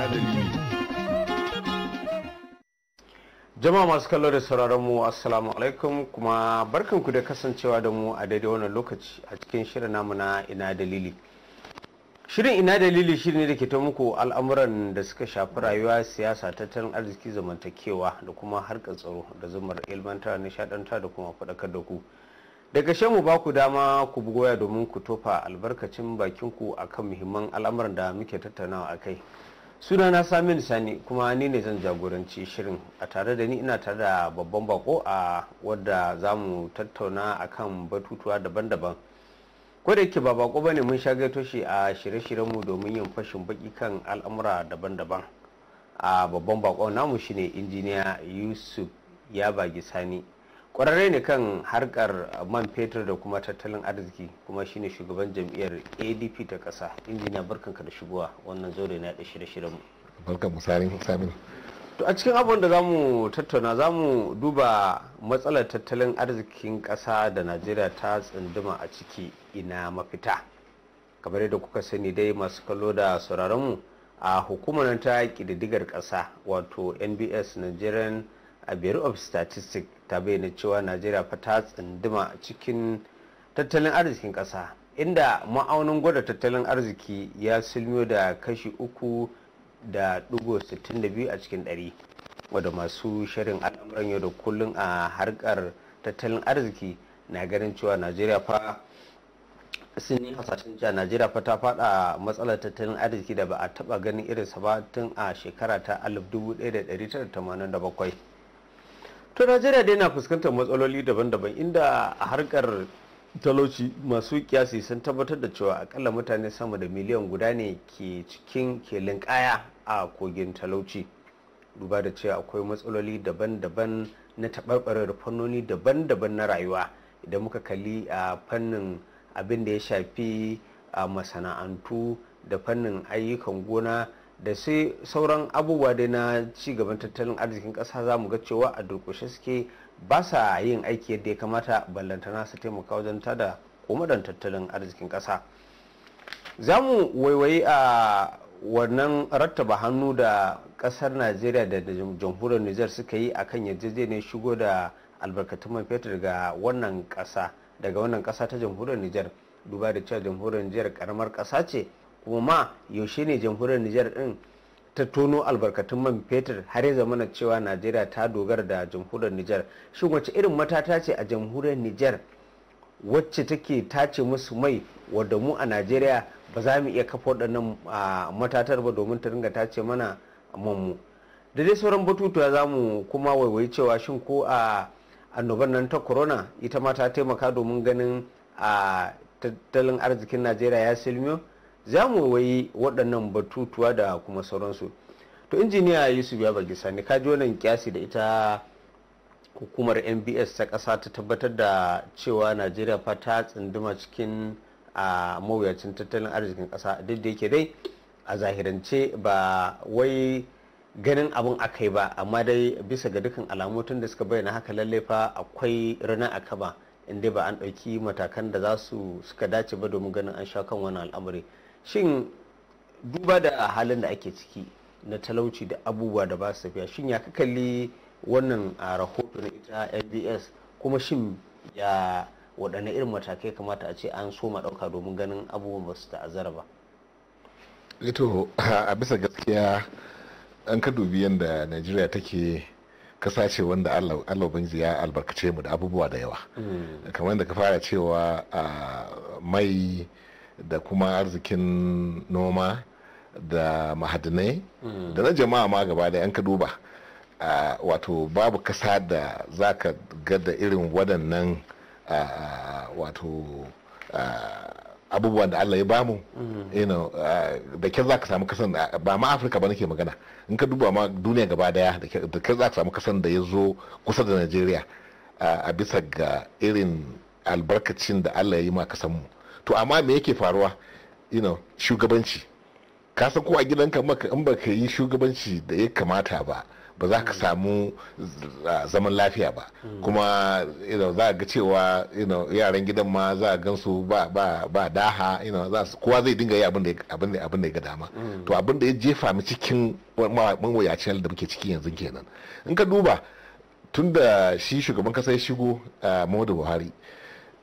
ina jama'a masu kallo da sauraron mu assalamu alaikum kuma barkanku da kasancewa da mu a daidai wannan lokaci a cikin shirin namu na ina dalili shirin ina dalili shirin ne da ke muku al'amuran da suka shafi rayuwa siyasa tattalin arziki zamantakewa da kuma harkar tsaro da zumar ilmantar nishadantar da kuma faɗakar da ku daga shan mu baku dama ku bugoya domin ku tofa albarkacin bakinku akan muhimman al'amuran da muke tattaunawa a kai sunana samin sani kuma ni ne zan jagoranci shirin a tare da ni ina tare da babban bako a wadda za mu tattauna kan batutuwa daban-daban ko da yake ba bako bane mun sha gaito shi a shirye mu domin yin fashin baki kan al'amura daban-daban a babban bako namu shine injiniya yusuf ya bagi sani kwararre ne kan harkar man fetur da kuma tattalin arziki kuma shine shugaban jam'iyyar adp ta kasa injiniya barkanka da shigowa wannan zaure na da shirye mu barkan to a cikin abin da za mu tattauna za mu duba matsalar tattalin arzikin kasa da najeriya ta tsunduma a ciki ina mafita kamar yadda kuka sani dai masu kallo da mu a hukumar ta kididdigar kasa wato nbs nigerian bureau of statistics ta bayyana cewa najeriya fa ta tsunduma cikin tattalin arzikin kasa inda ma'aunin gwada tattalin arziki ya silmiyo da kashi uku da ɗigo 62 a cikin dari wadda masu shirin al'amuran yau da kullum a harkar tattalin arziki na ganin cewa najeriya fa sun yi hasashen cewa najeriya fa ta fada matsalar tattalin arziki da ba a taba ganin irinsa ba tun a shekara ta 1987 to najeriya dai na fuskantar matsaloli daban-daban inda a harkar talauci masu kiyasi sun tabbatar da cewa akalla mutane sama da miliyan guda ne ke cikin ke linkaya a kogin talauci duba da cewa akwai matsaloli daban-daban na taɓarɓarar fannoni daban-daban na rayuwa idan muka kalli a fannin abin da ya shafi a masana'antu da fannin ayyukan gona da sai sauran abubuwa dai na ci gaban tattalin arzikin kasa za mu ga cewa a durkushe suke ba sa yin aiki yadda ya kamata ballantana su taimaka wajen tada komadan tattalin arzikin kasa za mu waiwayi a wannan rattaba hannu da kasar najeriya da jamhuriyar nijar suka yi a kan yarjejeniyar shigo da albarkatun man fetur daga wannan kasa daga wannan kasa ta jamhuriyar nijar duba da cewa jamhuriyar nijar karamar kasa ce kuma ma yaushe ne jamhuriyar nijar din ta tono albarkatun man fetur har ya zama na cewa najeriya ta dogara da jamhuriyar nijar shi wacce irin matata ce a jamhuriyar nijar wacce take tace musu mai wadda mu a najeriya ba za mu iya kafa waɗannan matatar ba domin ta ringa tace mana mu da dai sauran batutuwa za mu kuma waiwayi cewa shin ko a annobar nan ta corona ita ma ta taimaka domin ganin a tattalin arzikin najeriya ya silmiyo za mu wayi waɗannan batutuwa da kuma sauransu to injiniya yusuf ya bagi sani ka ji wannan kyasi da ita hukumar nbs ta ƙasa ta tabbatar da cewa najeriya fa ta tsinduma cikin a mawuyacin tattalin arzikin ƙasa duk da yake dai a zahirance ba wai ganin abun aka yi ba amma dai bisa ga dukkan tun da suka bayyana haka lallai fa akwai rana a kaba inda ba an ɗauki matakan da za su suka dace ba domin ganin an sha kan wani al'amari shin duba da halin da ake ciki na talauci da abubuwa da ba su tafiya shin ya ka kalli wannan a rahoton ita nbs kuma shin ya waɗanne irin matakai kamata a ce an soma ɗauka domin ganin abubuwan ba su ta'azzara ba ito eh a bisa gaskiya an ka dubi yadda najeriya take kasa ce wanda allah ubangiji ya albarkace mu da abubuwa da yawa mm. kamar da ka fara cewa mai da kuma arzikin noma da mahadinai da na jama'a ma gaba da yan ka duba wato babu kasa da za ka gada irin waɗannan wato abubuwan da allah ya bamu mm. da ke za ka samu kasan ba ma afirka ba nake magana in ka duba ma duniya gaba daya da ke za ka samu kasan da ya zo kusa da najeriya a bisa ga irin albarkacin da allah ya yi ma kasanmu mu to amma me yake faruwa you shugabanci ka san ko a gidanka maka in baka yi shugabanci da ya kamata ba ba za ka samu zaman lafiya ba kuma za ga cewa yaran gidan ma za a gansu ba daha kowa zai dinga yi abin da ya ga dama to abin da ya jefa mu cikin mawuyacin da muke ciki yanzu kenan in ka duba tun da shi shugaban kasa ya shigo a ah, muhammadu buhari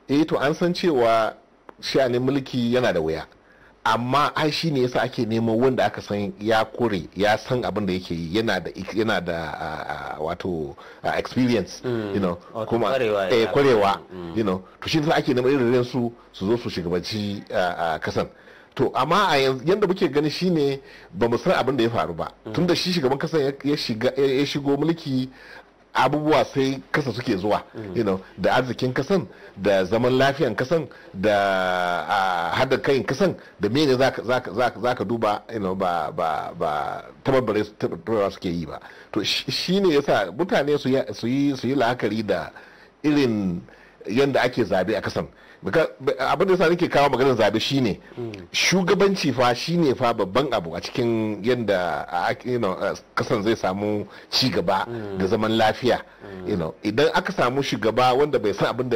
eh to an san cewa ne mulki yana da wuya amma ai shi ne yasa ake neman wanda aka san ya kore ya san abin da yake yi yana da yana da wato experience mm, you know kuma eh kwarewa mm. you know to shi yasa ake neman irin su su zo su shugabanci kasan to amma a yanzu yanda muke gani shine ba mu san abin da ya faru ba mm. tunda shi shugaban kasan ya shigo mulki abubuwa sai kasa suke zuwa mm. da arzikin kasan da zaman lafiyan kasan da ah, hada kayan kasan da mene za ka duba ba suke yi ba to shi shine yasa mutane su yi la'akari da irin yadda ake zabe a kasan abin da sa nake kawo maganin zabe shine hmm. shugabanci fa shine fa babban abu a cikin yadda kasan zai samu ci gaba da hmm. zaman lafiya hmm. idan aka samu shugaba wanda bai san abin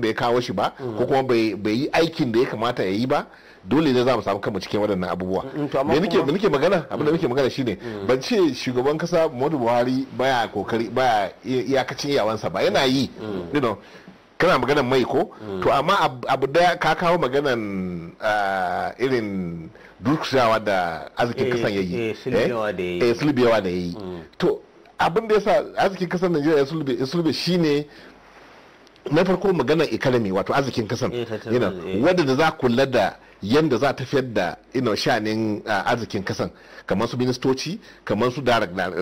da ya kawo shi ba ko kuma bai yi aikin da ya kamata ya yi ba dole ne za mu samu kanmu cikin waɗannan abubuwa mm, mm, me nake magana mm. abin da muke magana shine ban ce shugaban kasa Muhammadu Buhari baya kokari baya iyakacin iyawansa ba yana yi kana maganan mai ko to amma abu da ka kawo maganan ah, irin durkusawa da arzikin kasan ya yi eh, eh sulbiyawa da ya eh, eh, yi mm. to abin da ya sa arzikin kasan najeriya ya sulbe shine na farko maganan economy wato arzikin kasan wadda da za kula da yadda za ta fiyar da ina shanin uh, arzikin kasan kamar su ministoci kamar su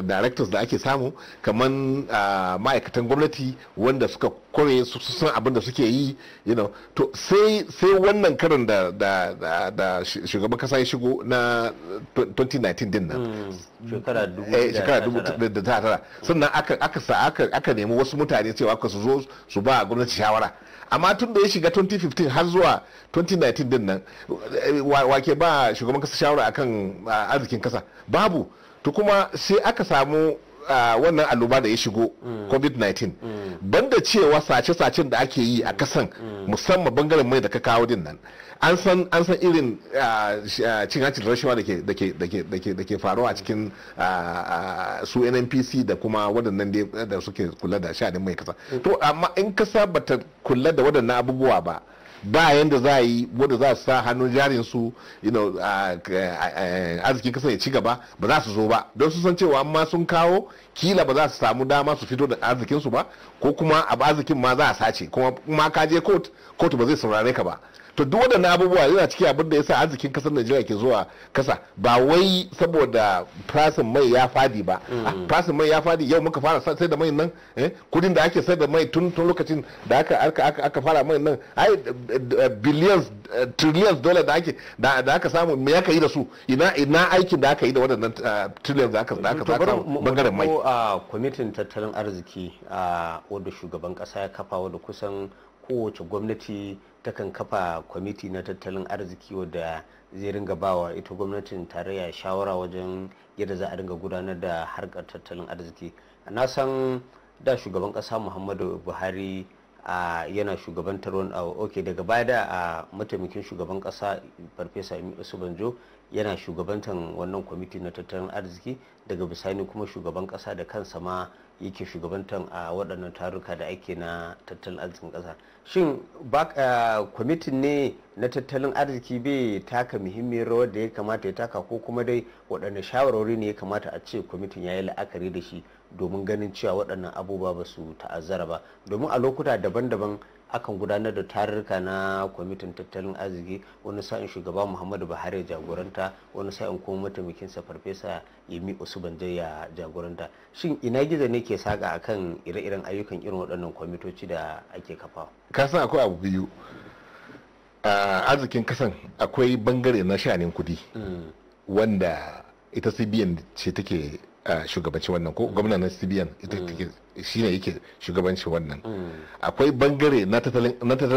directors da ake samu kamar uh, ma'aikatan gwamnati wanda suka kore su san abin da suke yi you know to sai wannan karin da shugaban kasa ya shigo na 2019 din nan hmm, shekara 2019 eh, sannan aka aka nemi wasu mutane cewa ka su zo su ba gwamnati shawara amma tun da ya shiga 2015 har zuwa 2019 din nan wake ba shugaban kasa shawara akan arzikin kasa babu to kuma sai aka samu wannan alluba da ya shigo mm. covid-19 mm. banda cewa sace-sacen da ake yi a mm. kasan musamman bangaren mai da ka kawo din nan an san an san irin cin hancin da rashawa da ke faruwa a cikin su nnpc da kuma waɗannan da suke kula da sha'anin mai kasa to amma in kasa bata kula da waɗannan abubuwa ba ba yanda za yi wanda za su sa hannun jarin su arzikin kasa ya ci gaba ba za su zo ba don su san cewa amma sun kawo kila ba za su samu dama su fito da arzikin su ba ko kuma a arzikin ma za a sace kuma ma ka je ba zai saurare ka ba to duk waɗannan abubuwa yana ciki abin da yasa arzikin kasar Najeriya ke zuwa kasa ba wai saboda farashin mai ya fadi ba mm. ah, farashin mai ya fadi yau muka fara sai da mai nan eh, kudin da ake sai da mai tun tun lokacin da aka aka aka fara mai nan ai eh, billions eh, trillions dollar da ake da aka samu me aka yi da su ina ina aikin da aka yi da waɗannan trillions da aka da aka samu bangaren mai a ah, kwamitin tattalin arziki a ah, wanda shugaban kasa ya kafa wanda kusan kowace gwamnati takan kafa kwamiti na tattalin arziki wadda zai ringa bawa ita gwamnatin tarayya shawara wajen yadda za a ringa gudanar da harkar tattalin arziki na san da shugaban ƙasa muhammadu buhari a yana shugabantar wani abu ok daga baya da a mataimakin shugaban kasa farfesa su banjo yana shugabantar wannan kwamiti na tattalin arziki daga bisani kuma shugaban kasa da kansa ma yake shugabantar a waɗannan taruka da ake na tattalin arzikin kasa shin kwamitin ne na tattalin arziki bai taka muhimmiyar rawar da ya kamata ya taka ko kuma dai waɗanne shawarwari ne ya kamata a ce kwamitin ya yi la'akari da shi domin ganin cewa waɗannan abubuwa ba su ta'azzara ba domin a lokuta daban-daban akan gudanar da tarurruka na kwamitin tattalin arziki wani sa'in shugaba muhammadu buhari ya jagoranta wani sa'in kuma mataimakinsa farfesa yemi osubanjo ya jagoranta shin ina gizo ne ke saka akan ire-iren ayyukan irin waɗannan kwamitoci da ake kafa ka san akwai abu biyu a arzikin kasan akwai bangare na shanin kudi mm. wanda ita cbn ce take shugabanci wannan ko gwamna na cbn mm. shi ne yake shugabanci wannan mm. akwai bangare na tattalin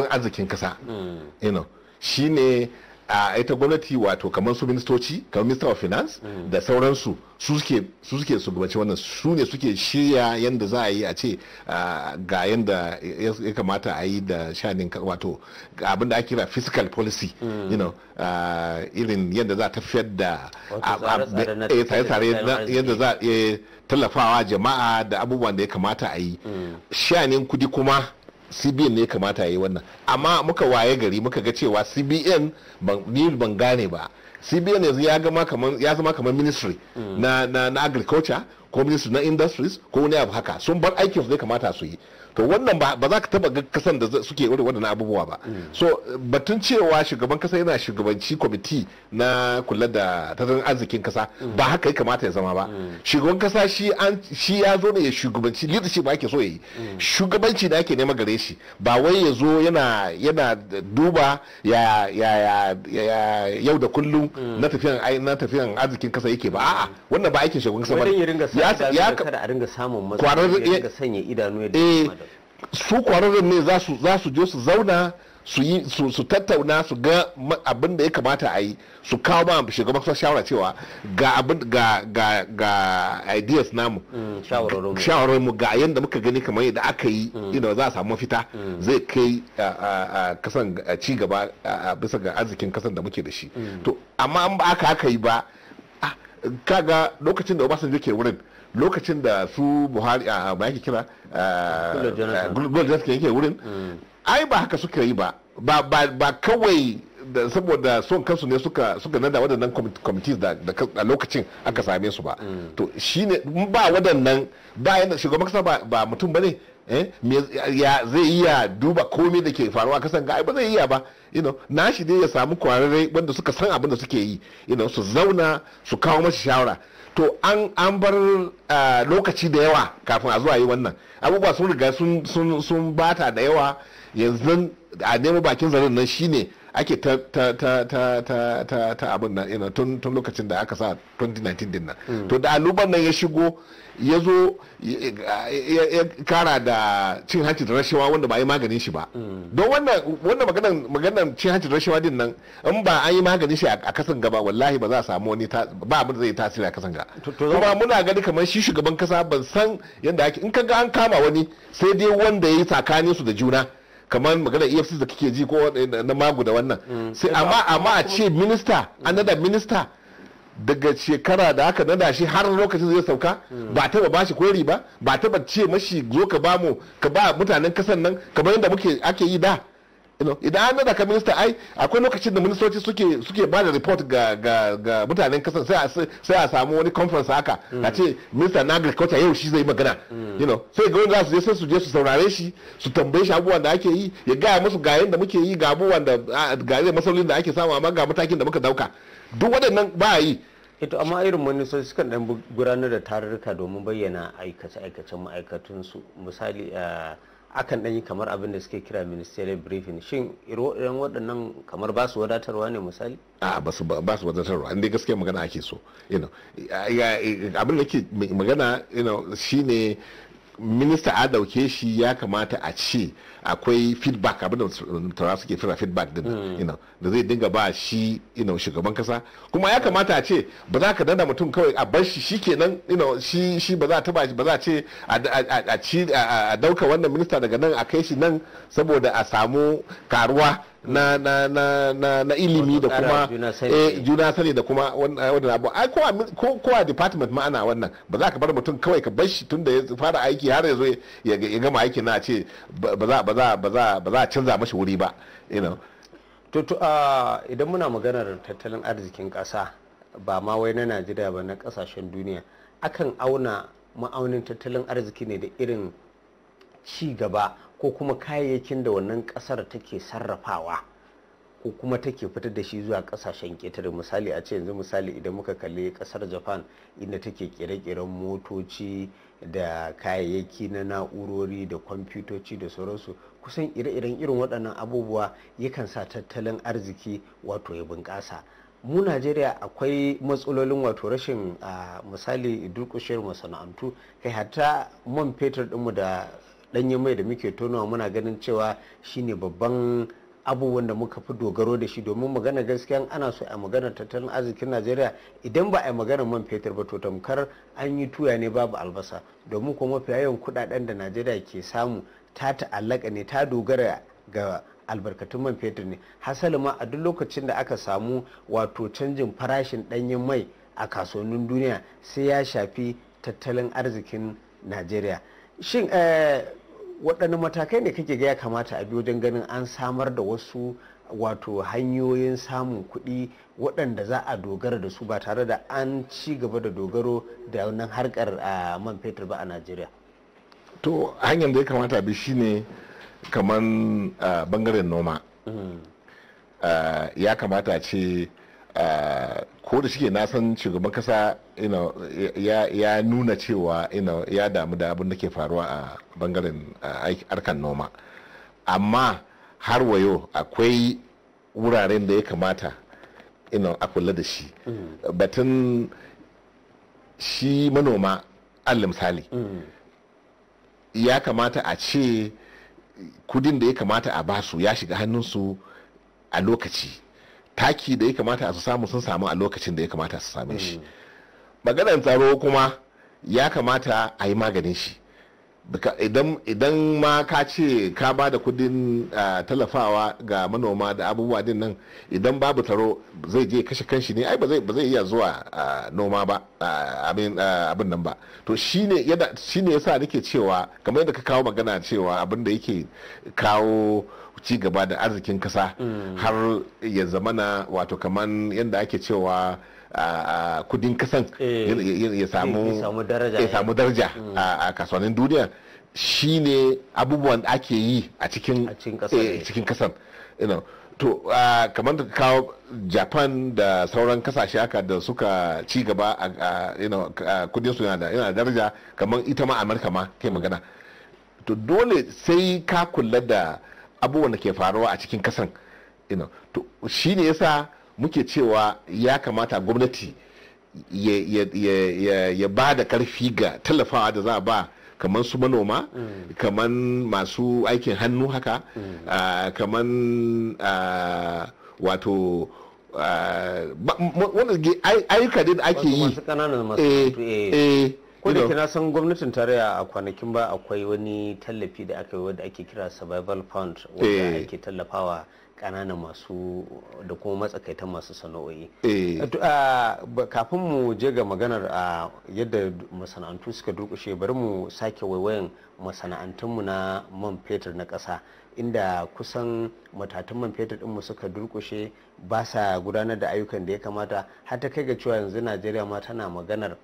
arzikin kasa mm. shi ne a ita gwamnati wato kamar su ministoci kamar minister of finance mm. da sauransu su suke su gabace wannan su ne suke shirya yadda za a yi a ce ga yadda ya kamata a yi da shanin wato abin da ake kira fiscal policy mm. you know irin yadda za a tafiyar da tsare-tsare eh, yadda za a eh, tallafawa jama'a da abubuwan da ya kamata a yi mm. shanin kudi kuma cbn ne kamata ya yi wannan amma muka waye gari muka ga cewa cbn ni ban gane ba cbn yanzu ya zama kamar ministry mm. na, na agriculture ko ministry na industries ko wani abu haka sun bar aikin su ne kamata su yi to wannan ba za ka taba ga kasan da suke wani wannan abubuwa ba mm. so batun cewa shugaban kasa yana shugabanci kwamiti na kula da tattalin arzikin kasa mm. ba haka ya kamata ya zama ba mm. shugaban kasa shi an shi ya zo ne ya shugabanci leadership ake so ya yi shugabanci da ake nema gare shi ba wai ya zo yana yana duba ya ya ya yau da kullum na tafiyan na tafiyan arzikin kasa yake ba a'a wannan ba aikin shugaban kasa ba su kwararren eh, ne za su je su zauna su tattauna su ga abin da ya kamata a yi su kawo ma shugaban kasa shawara cewa ga abin ga ga ga ideas namu mm, shawarar mu ga yadda muka gani kamar yadda aka yi ina mm. za a samu mafita mm. zai kai kasan ci gaba bisa ga arzikin kasan da muke da shi to amma an ba aka aka yi ba ah, kaga lokacin da obasanjo ke wurin lokacin da su buhari a ba yake kira gulgul jonathan yake wurin mm. ai ba haka suka yi ba ba kawai saboda son kansu ne suka suka nada waɗannan committees da a lokacin aka mm. same su ba mm. to shine ba waɗannan ba shugaban kasa ba mutum ba ne eh? ya zai iya duba komai da ke faruwa kasan ga ba zai iya ba na shi dai ya samu kwararre wanda suka san abin da suke yi su zauna su kawo mashi shawara to an bar lokaci da yawa kafin a zuwa yi wannan abubuwa sun riga sun bata da yawa yanzu a nemo bakin zaren nan shine ake ta ta abin nan tun lokacin da aka sa 2019 din nan mm. to da aluban nan ya shigo ya zo ya kara da cin hanci da rashawa wanda ba a yi maganin shi ba don wannan maganan cin hanci da rashawa din nan in ba an yi maganin shi a kasan gaba wallahi ba za a samu wani ba abin da zai tasiri a kasan ga kuma muna gani kamar shi shugaban kasa ban san yadda ake in kaga an kama wani sai dai wanda ya yi tsakanin su da juna kamar magana efcc da kike ji ko na magu da wannan mm. sai amma amma a ce minista another minista daga shekara da aka nada shi har lokacin zai sauka ba ba bashi kwari ba ba ba ce mashi zo ka ba mu ka ba mutanen kasan nan kamar yadda muke ake yi da idan an nada ka minista ai akwai lokacin da ministoci suke suke ba da report ga ga ga mutanen kasan sai a samu wani conference haka a ce minista na agriculture yau shi zai magana mm. you know sai ga za su je sai su je su saurare shi su tambaye shi abubuwan da ake yi ya gaya musu ga yadda muke yi ga abubuwan da ga da ake samu amma ga matakin da muka dauka duk waɗannan ba yi ito amma irin manisoci sukan ɗan gudanar da tarurruka domin bayyana aikace-aikacen ma'aikatunsu misali eh, akan ɗanyi yi kamar abin da suke kira ministerial briefing shin irin waɗannan kamar ba su wadatarwa ne misali a ba su wadatarwa inda gaskiya magana ake so abin da ke magana shine minista a dauke shi ya kamata a ce akwai feedback abin da turawa suke fira feedback din hmm. da zai dinga ba shi shugaban kasa kuma ya kamata a ce ba za ka dana mutum kawai a bar shi shi kenan shi shi ba za ta taba ba za ce a ci a dauka wannan minista daga nan a kai shi nan saboda a samu karuwa na na na na na ilimi da kuma eh, juna sani da kuma wannan abu ai ko kowa a department ma ana wannan ba za ka bar mutum kawai ka bar shi tun da ya fara aiki har ya zo ya gama aiki na ce ba za ba za ba za a canza mashi wuri ba idan muna maganar tattalin arzikin ƙasa ba ma wai na Najeriya ba na ƙasashen duniya akan auna ma'aunin tattalin arziki ne da irin ci gaba ko kuma kayayyakin da wannan ƙasar take sarrafawa ko kuma take fitar da shi zuwa kasashen ƙetare misali a ce yanzu misali idan muka kalli ƙasar japan inda take kere-keren motoci da kayayyaki na na'urori da kwamfutoci da sauransu kusan ire-iren irin waɗannan abubuwa yakan sa tattalin arziki wato ya bunƙasa mu najeriya akwai matsalolin wato rashin misali durƙushiyar masana'antu kai hata man fetur ɗinmu da ɗanyen mai da muke tonawa muna ganin cewa shine babban abubuwan da muka fi dogaro da shi domin magana gaskiya ana so a magana tattalin arzikin najeriya idan ba a yi magana man fetur ba to tamkar an yi tuya ne babu albasa domin kuma mafi yawan kudaden da najeriya ke samu ta ta'allaka ne ta dogara ga albarkatun man fetur ne hasali ma a duk lokacin da aka samu wato canjin farashin danyen mai a kasuwannin duniya sai ya shafi tattalin arzikin najeriya shin eh, waɗanne matakai ne kake ga ya kamata a bi wajen ganin an samar da wasu wato hanyoyin samun kuɗi waɗanda za a dogara da su ba tare da an ci gaba da dogaro da wannan harkar man fetur ba a najeriya to hanyar da ya kamata bi shine kamar bangaren noma mm. ya kamata ce Uh, ko da shi na san shugaban kasa ya nuna cewa ya damu da abin da ke faruwa a bangaren uh, harkar noma amma har wayo akwai wuraren da ya kamata a kula da shi mm. batun shi manoma allah misali mm. ya kamata a ce kudin da ya kamata a basu ya shiga hannunsu a lokaci taki da ya kamata su samu sun samu a lokacin da ya kamata su same shi mm. maganar tsaro kuma ya kamata a yi maganin shi idan ma ka ce ka ba da kudin talafawa ga manoma da abubuwa din nan idan babu taro zai je kashe kanshi ne ai ba zai iya zuwa noma ba abin nan ba to shine yasa nake cewa kamar yadda ka kawo magana cewa abin da yake kawo ci gaba da arzikin kasa mm. har ya zamana wato kaman yadda ake cewa kudin kasan eh. ya samu daraja mm. a kasuwannin duniya shi ne abubuwan da ake yi a cikin eh, kasan to kamar da kawo japan da sauran kasashe haka da suka ci gaba a kudin su yana da daraja kamar ita ma amurka ma ke magana to dole sai ka kula da abubuwan da ke faruwa a cikin kasan to shi ne yasa muke cewa ya kamata gwamnati ya ba da karfi ga tallafawa da za a ba kamar su manoma mm. kamar masu aikin hannu haka mm. kamar wato wanda ayyuka da ake yi ko da na san gwamnatin tarayya a kwanakin ba akwai wani tallafi da aka yi wadda ake kira survival fund wanda eh. ake tallafawa kananan masu da kuma matsakaitan masu sana'o'i eh. kafin mu je ga maganar a yadda masana'antu suka durkushe bari mu sake waiwayan masana'antunmu na man fetur na ƙasa inda kusan matatan man fetur ɗinmu suka durkushe ba sa gudanar da ayyukan da ya kamata har ta kai ga cewa yanzu najeriya ma tana maganar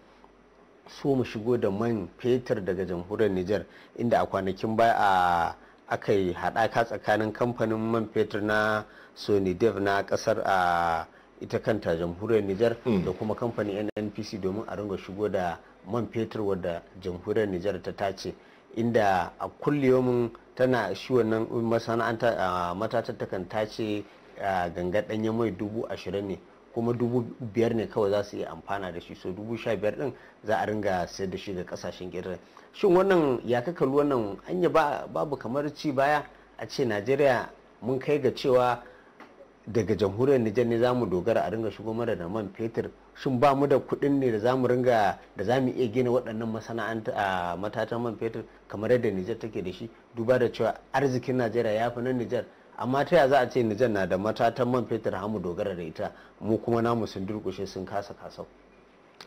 so mu shigo da man fetur daga jamhuriyar Nijar inda a kwanakin baya a aka yi haɗaka tsakanin kamfanin man fetur na Dev na ƙasar a ita kanta jamhuriyar Nijar. Hmm. da kuma kamfanin nnpc domin a ringa shigo da man fetur wadda jamhuriyar niger ta tace inda a kulliyomin tana shi wannan masana'anta matatar takan tace ganga ɗanyen mai dubu ashirin ne kuma dubu biyar ne kawai za su yi amfana da shi so dubu sha biyar din za a ringa sayar da shi ga kasashen ƙetare shin wannan ya ka kalli wannan anya babu kamar ci baya a ce najeriya mun kai ga cewa daga jamhuriyar nijar ne za mu dogara a ringa shigo mara da man fetur shin ba mu da kuɗin ne da zamu ringa da mu iya gina waɗannan masana'anta a matatan man fetur kamar yadda nijar take da shi duba da cewa arzikin najeriya ya fi nan nijar amma ta yaya za a ce nijar na da matatan man fetur hamu dogara da ita mu kuma namu sun durkushe sun kasa kasau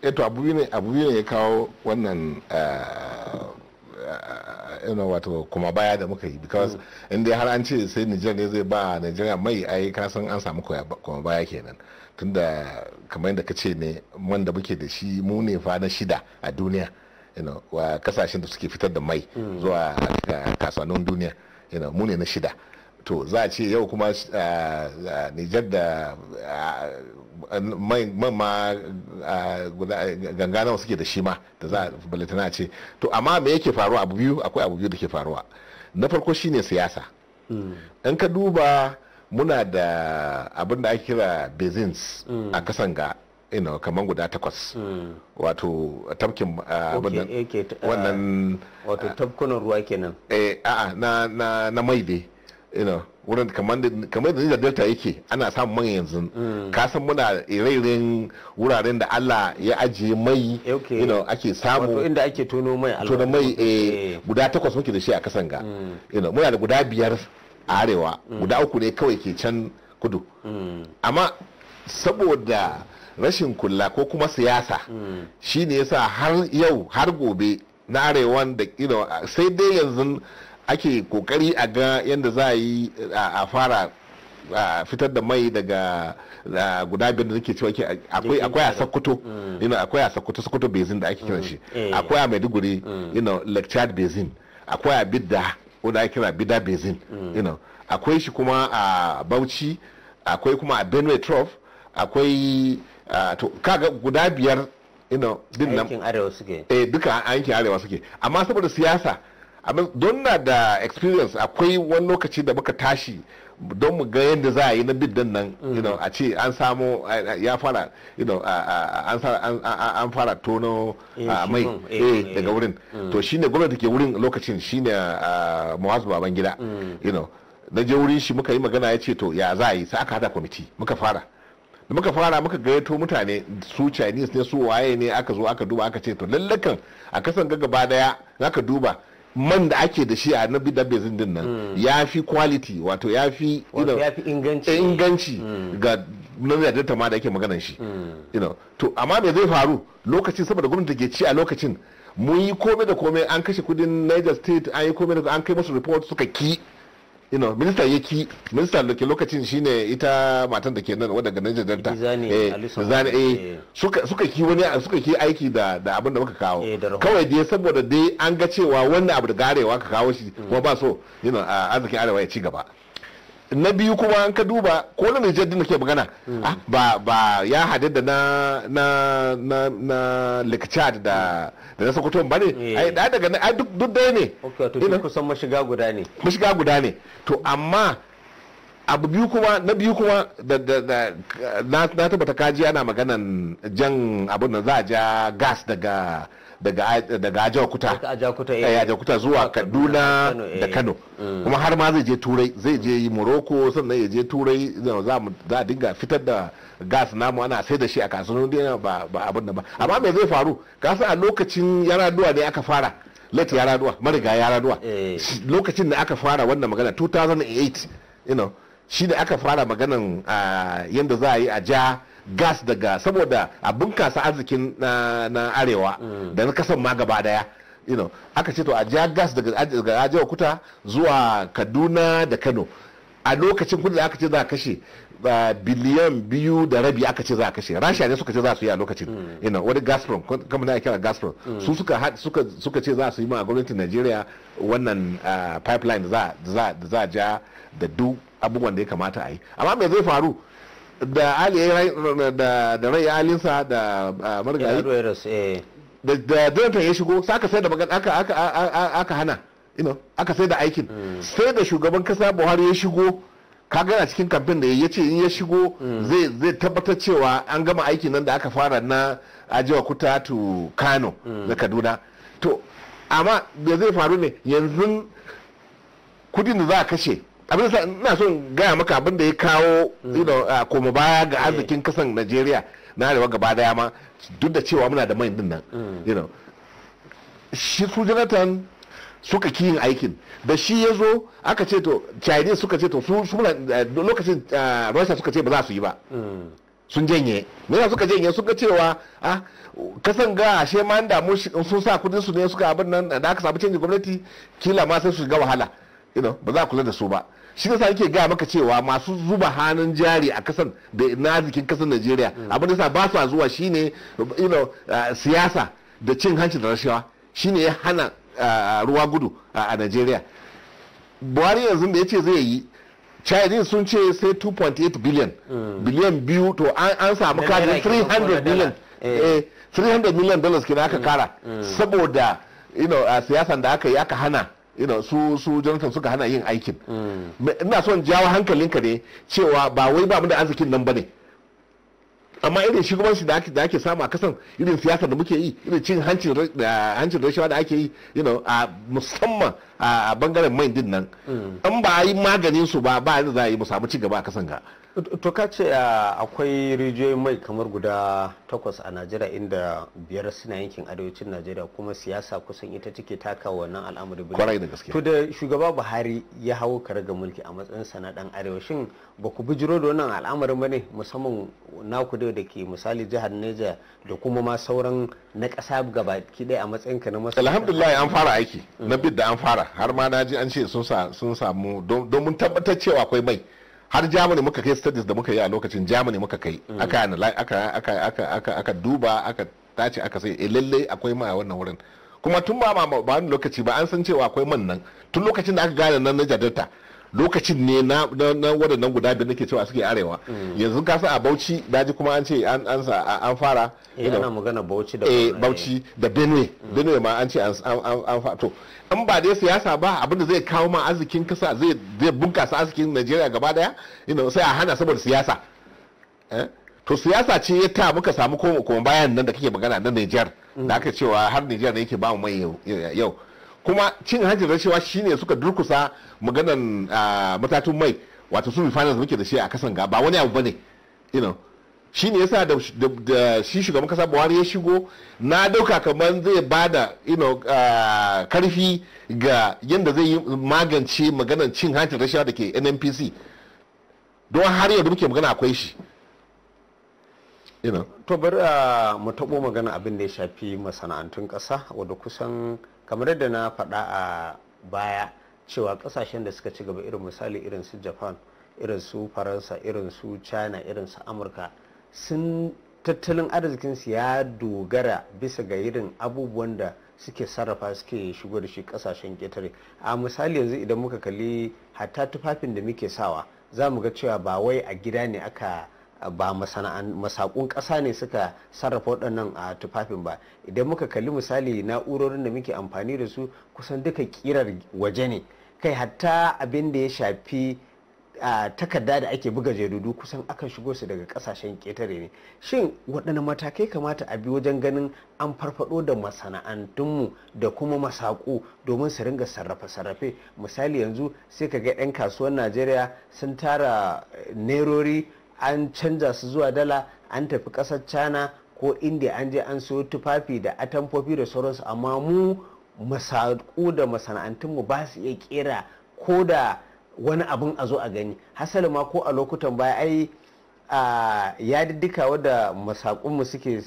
eto eh abu ne ya kawo wannan yana eh, eh, wato kuma baya da muka yi because mm. in dai har an ce sai Nijar ne zai ba Nigeria mai ai ka san an samu kuma baya kenan tunda kamar yadda ka ce ne man da muke da shi mu ne fa na shida a duniya wa kasashen da suke fitar da mai mm. zuwa kasuwannin duniya mu ne na shida to za a ce yau kuma nijar da man ma ganga nawa suke da shi ma da za a balitana ce to amma me yake faruwa abu biyu akwai abu biyu da ke faruwa na farko shine siyasa mm. in ka duba muna da abin da ake kira bezins mm. a kasan ga ina kamar guda takwas mm. wato tabkin. wannan wato tabkunan ruwa kenan eh a'a na na mai dai ina wurin kamar da nijar delta yake ana samun man yanzu mm. ka san muna irairin wuraren da Allah ya ajiye mai ina ake samu wato inda ake tono mai tono mai eh, guda takwas muke da shi a kasan ga ina mm. muna da guda biyar a arewa mm. guda uku ne kawai ke can kudu amma saboda rashin kula ko kuma siyasa Shi ne yasa har yau har gobe na arewan da sai dai yanzu ake kokari a ga yadda za a yi a fara a fitar da mai daga guda biyar da nake cewa mm. akwai a sokoto akwai a sakkuto sakkuto basin da ake kiran mm. shi eh. akwai a maiduguri mm. lecture basin akwai a bidda wanda ake kira bidda basin akwai shi kuma a bauchi akwai kuma a benue trough akwai to kaga guda biyar din nan arewa suke eh duka yankin arewa suke amma saboda siyasa abin don na da experience akwai wani lokaci da muka tashi don mu ga yadda za a yi na biddan nan a ce an samu ya fara an fara tono eh, mai eh, eh, daga wurin mm. to shine gwamnati ke wurin lokacin shine muhazu baban gida mm. na je wurin shi muka yi magana ya ce to ya za a yi sai aka hada kwamiti muka fara da muka fara muka gayyato mutane su chinese ne su waye ne aka zo aka duba aka ce to lallakan a kasan gaba daya ka duba man da ake da shi a na dabbe zindin nan hmm. ya fi quality wato ya fi inganci hmm. ga na da ma da ake maganan shi hmm. to amma me zai faru lokaci saboda gwamnati ke ci a lokacin mun yi komai da komai an kashe kudin niger state an yi komai da an kai musu report suka ki you know minista ya ki minista ke lokacin shine ita matan da ke nan wadda ganin jadarta zane eh suka ki wani suka ki aiki da da abin da muka kawo eh, kawai dai saboda dai an ga cewa wannan abu da garewa ka kawo shi mm. kuma ba so you know arzikin arewa ya ci gaba na biyu kuma an ka duba ko na Nijar din ke magana mm. ah, ba ba ya da na na na na Lekchad da da na Sokoto ba ne eh. ai da daga na duk duk dai ne okay to duk kusan mashiga guda ne mashiga guda ne to amma abu biyu kuma na biyu kuma da da da na tabbata kaji ana maganan jan abun da za a ja gas daga daga ajakuta eh. Eh, ajakuta zuwa kaduna eh. da kano mm. kuma har ma zai je turai zai je yi morocco sannan ya je turai za a dinga fitar da gas namu ana sai da shi a kasuwanni ba abin da ba amma me zai faru kasa a lokacin yara duwa ne aka fara late duwa mariga duwa lokacin da aka fara wannan magana 2008 you know shi da aka fara maganan yadda za a yi a ja gas daga saboda a bunkasa arzikin na arewa mm. da na kasan ma gaba daya aka ce to a ja gas daga ajiyar kuta zuwa kaduna da kano a lokacin kudi da aka ce za a kashe biliyan biyu da rabi aka ce za a kashe rasha ne suka ce za su yi a lokacin ina mm. wani gasprom kamar da kira gasprom mm. su suka ce za su yi ma gwamnatin najeriya wannan pipeline da za a ja da duk abubuwan da ya kamata a yi amma me zai faru da ali da rai alinsa da margari eh. da dinta ya shigo saka sai da aka hana aka sai da aikin mm. sai da shugaban kasa buhari ya shigo ka gana cikin kamfen da ya ce in ya shigo mm. zai tabbatar cewa an gama aikin nan da aka fara na ajiwa kuta to kano mm. da kaduna to amma da zai faru ne yanzu kudin da za a kashe abin sa ina son gaya maka abin da ya kawo mm. koma baya ga eh. arzikin kasan najeriya na arewa gaba daya ma duk da cewa muna da mai din nan mm. shi su jonathan suka ki yin aikin da shi ya zo aka ce to chinese suka ce to su eh, lokacin eh, russia suka ce ba za su yi ba mm. sun janye me yasa suka janye suka cewa a ah, kasan ga ashe ma an damu sun sa kudin su ne suka abin nan da aka samu canji gwamnati kila ma sai su ga wahala you know ba za a kula da su ba shi yasa yake ga maka cewa masu zuba hannun jari a kasan da nazikin kasan Najeriya abin da sa ba su zuwa shine you uh, siyasa da cin hanci da rashawa shine ya hana uh, ruwa gudu a Najeriya Buhari yanzu da ya ce zai yi chinese sun ce sai 2.8 billion mm. billion biyu to an samu kajin 300 billion 300 million dollars kina aka mm. kara mm. saboda you know, siyasan da aka yi aka hana ina su su jonathan suka hana yin aikin mm. ina son jawo hankalinka ne cewa ba wai ba mu da arzikin nan ba ne. amma irin shugabanci da ake samu a kasan irin siyasa da muke yi irin cin hancin rashawa da ake yi a musamman a bangaren mai din nan an mm. ba a yi maganin su ba ba za a yi mu samu ci gaba a kasan ga to ka ce ah, akwai rijiyoyin mai kamar guda takwas a najeriya inda biyar suna yankin arewacin najeriya kuma siyasa kusan ita take taka wannan al'amari kwarai da to da shugaba buhari ya hau kare ga mulki a matsayin na dan arewacin ba ku bijiro da wannan al'amarin ba ne musamman naku da ke misali jihar neja da kuma ma sauran na ƙasa gaba ɗaya a matsayin ka na masu alhamdulillah an fara aiki na bid da an fara har ma na ji an ce sun samu don tabbatar cewa akwai mai har germany muka kai studies da muka yi a lokacin germany muka kai mm. aka aka aka aka aka aka duba aka tace aka sai e lalle akwai ma a wannan wurin kuma tun ba ba lokaci ba an san cewa akwai man nan tun lokacin da aka gane nan na jadarta lokacin ne na waɗannan guda biyu nake cewa suke arewa mm. yanzu ka sa a bauchi daji kuma an ce an an fara eh, yana magana bauchi da eh, eh. bauchi da benue mm. benue ma an ce an an to an ba dai siyasa ba abin da zai kawo ma arzikin kasa zai zai bunkasa arzikin Najeriya gaba daya sai a hana saboda siyasa to siyasa ce ya ta muka samu koma bayan nan da kake magana na Nijar mm. da aka cewa har Nijar ne yake ba mu mai yau kuma cin hajji rashewa shine suka durkusa maganan ah, matatun mai wato su da muke da shi a kasan ga ba wani abu bane you shi ne yasa da, da, shi shugaban kasa buhari ya shigo na dauka kamar zai ba da know, ah, karfi ga yadda zai yi magance maganan cin hancin rashawa da ke nnpc don har yadda muke magana akwai shi to bari ah, mu taɓo magana abin da ya shafi masana'antun kasa wadda kusan kamar yadda na faɗa a baya cewa kasashen da suka ci gaba irin misali irin su japan irin su faransa irin su china irin su amurka sun tattalin arzikinsu ya dogara bisa ga irin abubuwan da suke sarrafa suke shigo da shi kasashen ƙetare a misali yanzu idan muka kalli hatta tufafin da muke sawa za mu ga cewa ba wai a gida ne aka ba masakun ƙasa ne suka sarrafa waɗannan a tufafin ba idan muka kalli misali na'urorin da muke amfani da su kusan duka kirar waje ne kai hatta abin da ya shafi a takarda da ake buga jaridu kusan akan shigo su daga kasashen ƙetare ne shin waɗanne matakai kamata a bi wajen ganin an farfado da masana'antunmu da kuma masaku domin su ringa sarrafe-sarrafe misali yanzu sai ka ga 'yan kasuwar najeriya sun tara eh, nerori an canza su zuwa dala an tafi ƙasar china ko india an je an siyo tufafi da atamfofi da sauransu amma mu masaku da masana'antunmu ba su iya kera ko da wani abin a zo a gani hasali ma ko a lokutan baya ai a yadiddika wadda masakunmu suke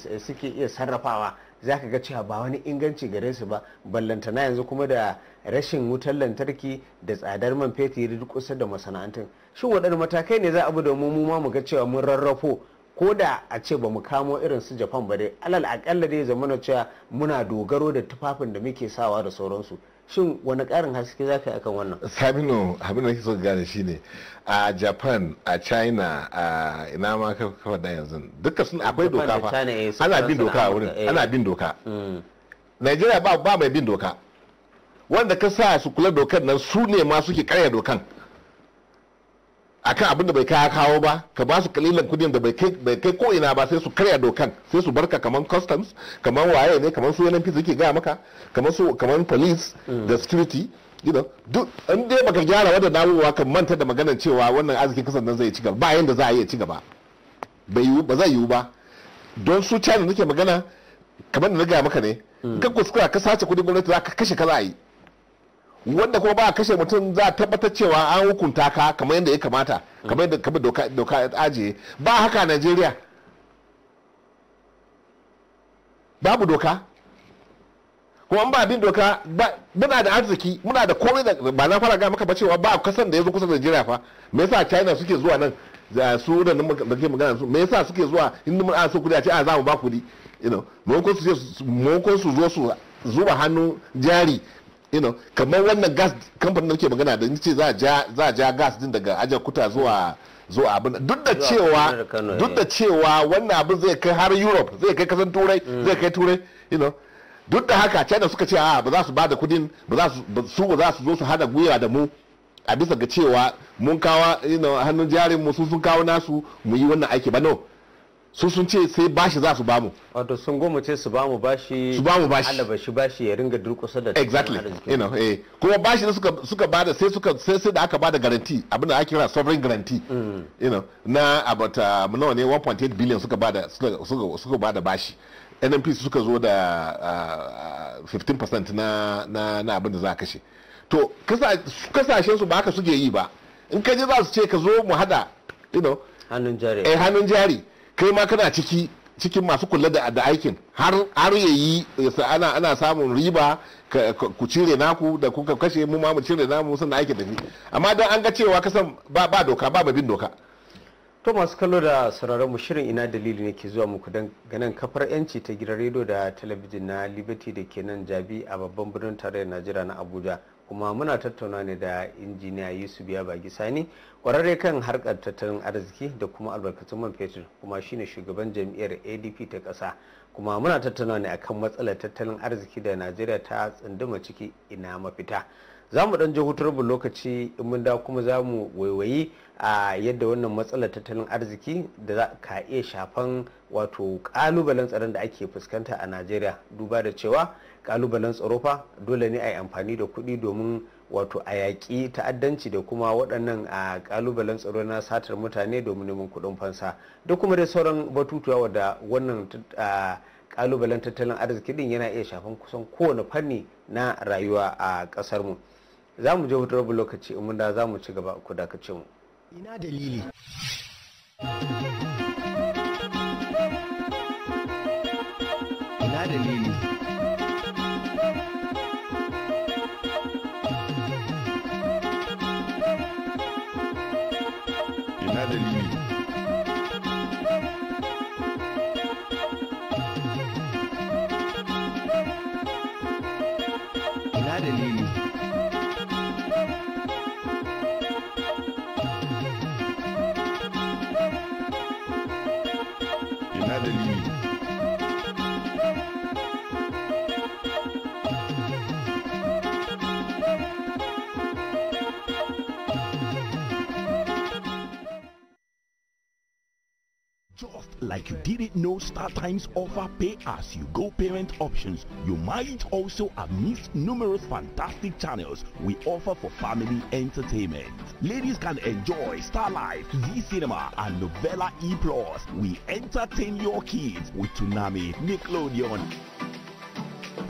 iya sarrafawa za ka ga cewa ba wani inganci gare su ba ballantana yanzu kuma da rashin wutar lantarki da tsadar man fetur duk kusa da masana'antun shi waɗanda matakai ne za a bi domin mu ma mu ga cewa mun rarrafo ko da a ce ba mu kamo irin su japan ba dai alal aƙalla dai zamana cewa muna dogaro da tufafin da muke sawa da sauransu shin wani karin haske za ka yi akan wannan saminu abin da so gane shi ne. a japan a china a ina ma ka faɗa yanzu duka sun akwai doka fa eh, eh. ana bin doka a wurin ana bin doka nigeria ba mai bin doka wanda ka sa su kula dokar nan su ne ma suke karya dokan akan abin da bai kaya kawo ba ka ba su kalilan kudin da bai kai ko ina ba sai su karya dokan sai su barka kamar customs kamar waye ne kamar su yanan suke gaya maka kamar su kamar police da security you know duk an dai baka gyara wannan dawowa kan manta da maganar cewa wannan arzikin kasan nan zai ci gaba ba yanda za a iya ci gaba bai yiwu ba zai yiwu ba don su china nake magana kamar da na gaya maka ne ka kuskura ka sace kudin gwamnati za ka kashe kaza yi wanda kuma ba a kashe mutum za a tabbatar cewa an hukunta ka kamar yadda ya kamata kamar yadda kamar doka doka ajiye ba haka a Najeriya babu doka kuma ba bin doka muna da arziki muna da komai da ba na fara gaya maka ba cewa ba kasan da ya zo kusa Najeriya fa me yasa China suke zuwa nan da su da ke magana su me yasa suke zuwa inda mun an so kudi a ce a ah, za mu ba kudi you know maimakon su zo su zuba hannu jari you know kamar wannan gas kamfanin da ke magana da ce za a ja gas din daga ajar kuta zuwa zuwa abin duk da cewa duk da eh. cewa wannan abin zai kai har europe zai kai kasan turai mm. zai kai turai you know duk da haka china suka ce a ah, ba za su ba da kudin ba za su ba za su zo su hada gwiwa da mu a bisa ga cewa mun kawo hannun jarin mu su sun kawo nasu mu yi wannan aiki ba no su sun ce sai bashi za su bamu wato sun goma ce su bamu bashi su bamu bashi Allah bashi bashi ya ringa durƙusa da exactly you know eh kuma bashi da suka suka bada sai suka sai sai da aka bada guarantee abinda ake kira sovereign guarantee mm. you know na about um, nawa ne 1.8 billion suka bada suka suka bada bashi NNP suka zo da 15% uh, na na na abin da za a kashe to kasashen su ba haka suke yi ba in ka je za su ce ka zo mu hada you know hannun jari eh hannun jari kai ma kana ciki cikin masu kula da aikin har ya yi ana ana samun riba ku cire naku da kuka kashe mu ma cire namu sun aikin tafi amma dan an ga cewa kasan ba doka ba babin doka to masu kallo da sauraron mu shirin ina dalili ne ke zuwa muku dan ganin kafar yanci ta gidan rediyo da talabijin na liberty da ke nan jabi a babban birnin tarayyar najeriya na abuja kuma muna tattauna ne da injiniya yusuf ya bagi sani kwararre kan harkar tattalin arziki da kuma albarkatun man fetur kuma shine shugaban jam'iyyar adp ta ƙasa kuma muna tattauna ne akan matsalar tattalin arziki da najeriya ta tsunduma ciki ina mafita za mu ɗan ji huturbin lokaci in mun da kuma za mu waiwayi a yadda wannan matsalar tattalin arziki da ka iya shafan wato ƙalubalen tsaron da ake fuskanta a najeriya duba da cewa kalubalen tsaro fa dole ne a yi amfani da kuɗi domin wato a yaƙi ta'addanci da kuma waɗannan a kalubalen tsaro na satar mutane domin neman kuɗin fansa da kuma dai sauran batutuwa wadda wannan kalubalen tattalin arziki din yana iya shafan kusan kowane fanni na rayuwa a ƙasar mu za mu je wata rabu lokaci in da za mu ci gaba ku dakace mu ina dalili ina dalili didn't know StarTimes offer pay-as-you-go parent options, you might also have missed numerous fantastic channels we offer for family entertainment. Ladies can enjoy Starlife, Z Cinema, and Novella E+. Plus. We entertain your kids with Tsunami, Nickelodeon.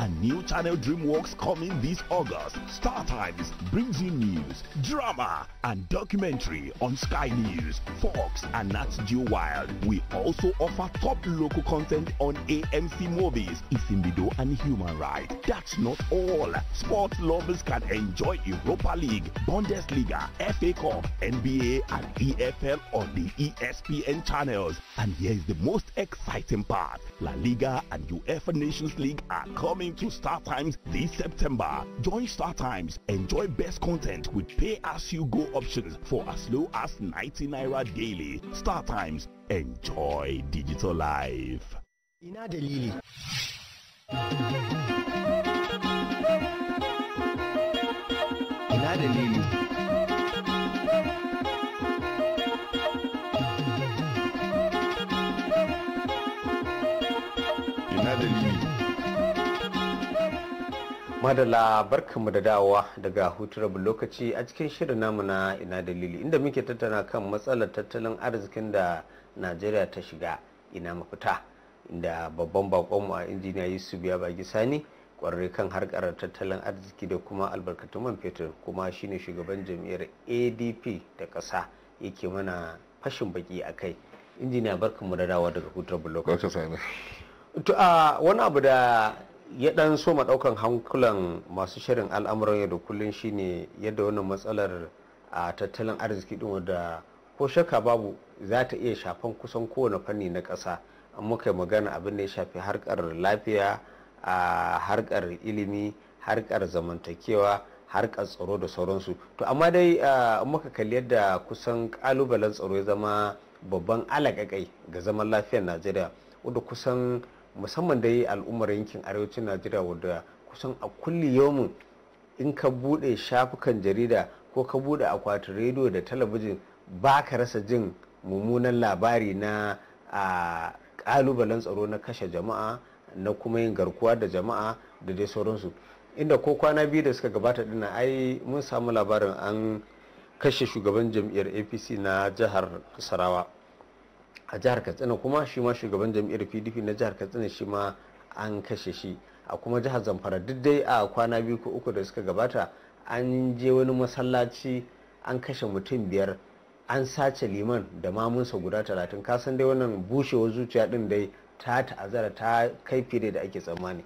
A new channel DreamWorks coming this August. Star Times brings you news, drama, and documentary on Sky News, Fox, and Nat Geo Wild. We also offer top local content on AMC Movies, Isimbido, and Human Rights. That's not all. Sports lovers can enjoy Europa League, Bundesliga, FA Cup, NBA, and EFL on the ESPN channels. And here's the most exciting part. La Liga and UEFA Nations League are coming to Star Times this September. Join Star Times. Enjoy best content with pay-as-you-go options for as low as 90 Naira daily. Star Times. Enjoy digital life. Ina dalili. Ina dalili. madala barka mu da dawowa daga hutu rabin lokaci a cikin shirin namu na ina dalili inda muke tattauna kan matsalar tattalin arzikin da najeriya ta shiga ina mafita inda babban bakonmu a injiniya yusuf ya bagi sani kwarai kan harkar tattalin arziki da kuma albarkatun man fetur kuma shine shugaban jam'iyyar adp da ƙasa yake mana fashin baki a kai injiniya barkanmu da dawa daga hutu rabin lokaci to a wani abu da ya dan so ma daukan hankulan masu shirin al'amuran yau da kullun shine yadda wannan matsalar a tattalin arziki din wanda ko shakka babu za ta iya shafan kusan kowane fanni na ƙasa muka magana abin da ya shafi harkar lafiya a harkar ilimi harkar zamantakewa harkar tsaro da sauransu to amma dai muka kalli yadda kusan kalubalen tsaro ya zama babban alaƙaƙai ga zaman lafiyar najeriya wanda kusan musamman da yi al'ummar yankin arewacin najeriya wadda kusan a kulli yomin in ka bude shafukan jarida ko ka bude akwatin rediyo da talabijin ba ka rasa jin mummunan labari na a kalubalen tsaro na kashe jama'a na kuma yin garkuwa da jama'a da dai sauransu inda ko kwana biyu da suka gabata dina ai mun samu labarin an kashe shugaban jam'iyyar apc na jihar sarawa a jihar katsina kuma shi ma shugaban jam'iyyar pdp na jihar katsina shi ma an kashe shi a kuma jihar zamfara duk dai a kwana biyu ko uku da suka gabata an je wani masallaci an kashe mutum biyar an sace liman da mamunsa guda talatin kasan dai wannan bushewar zuciya din dai ta ta'azara ta kai fide da ake tsammani